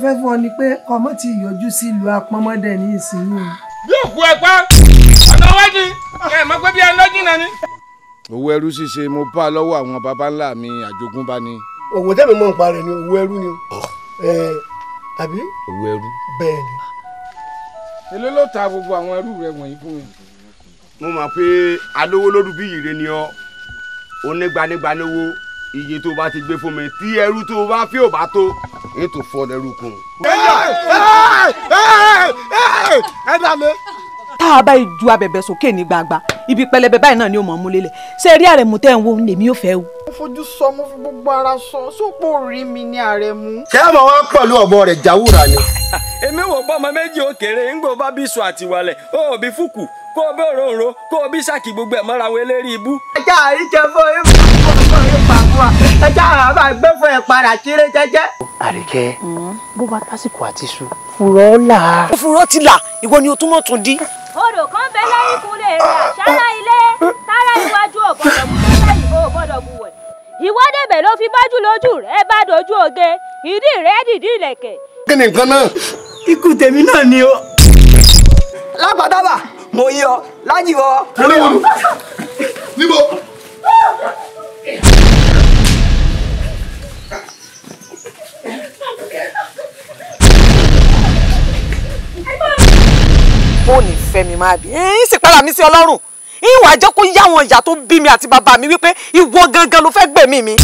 tó fẹ́ fún ọ ni pé ọmọ ti yọjú sí ìlú ní ìsinyìí. bí òkú ẹ pa ọ̀nà wájú ẹ mọ̀ pé bí ẹ lọ́jìn náà ni. owó ẹrú ṣíṣe mo bá lọ́wọ́ àwọn baba ńlá mi àjogúnbá ni. òwò tẹ́mi mọ̀ ń rẹ̀ ni owó ẹrú ni o àbí. owó ẹrú. bẹ́ẹ̀ ni. èlé ló ta gbogbo àwọn ẹrú rẹ wọ̀nyí fún mi. mo mọ̀ pé alówó lórúbí yìí rẹ ni ọ onígbanígbanówó iye tó bá ti gbé fún mi tí ẹrú tó bá fi ò bá tó ètò fọdẹrú kun. ẹ dàlẹ́. tá a bá ju abẹ̀bẹ̀ sókè ní gbangba ibi pẹlẹbẹ báyìí náà ni ó mọ̀ ọ́n ṣe eré àrẹ̀mú tẹ́ ń wo lèmi ò fẹ́ o mo fojú sọ mo fi gbogbo ara sọ sópò rí mi ní Àrẹ̀mú. ṣé àmọ́ wá pẹ̀lú ọ̀bọ rẹ̀ jáwúra ni. èmi wò pọ́ ọmọ méjì òkèrè ńgbò bá bí sùn àtìwálẹ̀ ó ò bí fùkù kó o bí òróǹro kó o bí sàkì gbogbo ẹ̀ mọ́ra wọlé rí ibú. ẹja àríjẹ fún yín fún yín pàmò ẹja àràbà gbé fún ẹ padà kéré jẹjẹ. àríkẹ́ mm-hmm. bó bá tásìkò àti su fùrọ́ là. fùrọ́ ti là ìwọ ni o túmọ̀ tún dí. odò kan bẹ lẹ́yìn kúlẹ̀ rẹ̀ àṣálà àbùwẹ̀ ìwọ débẹ̀ ló fi bájú lójú rẹ bá dojú oge ìdí rẹ dìdí ìlẹ̀kẹ̀. kí ni nǹkan náà. ikú tèmi náà ni o. lápàdàbà mo yí ọ lájìwọ. olówó níbo. fóònù ìfẹ́ máa bí ẹ̀ ń sì para mi sí ọlọ́run ìwà jẹ́ kó yá wọn ìyá tó bí mi àti bàbá mi wípé ìwọ gangan ló fẹ́ gbẹ̀mí mi.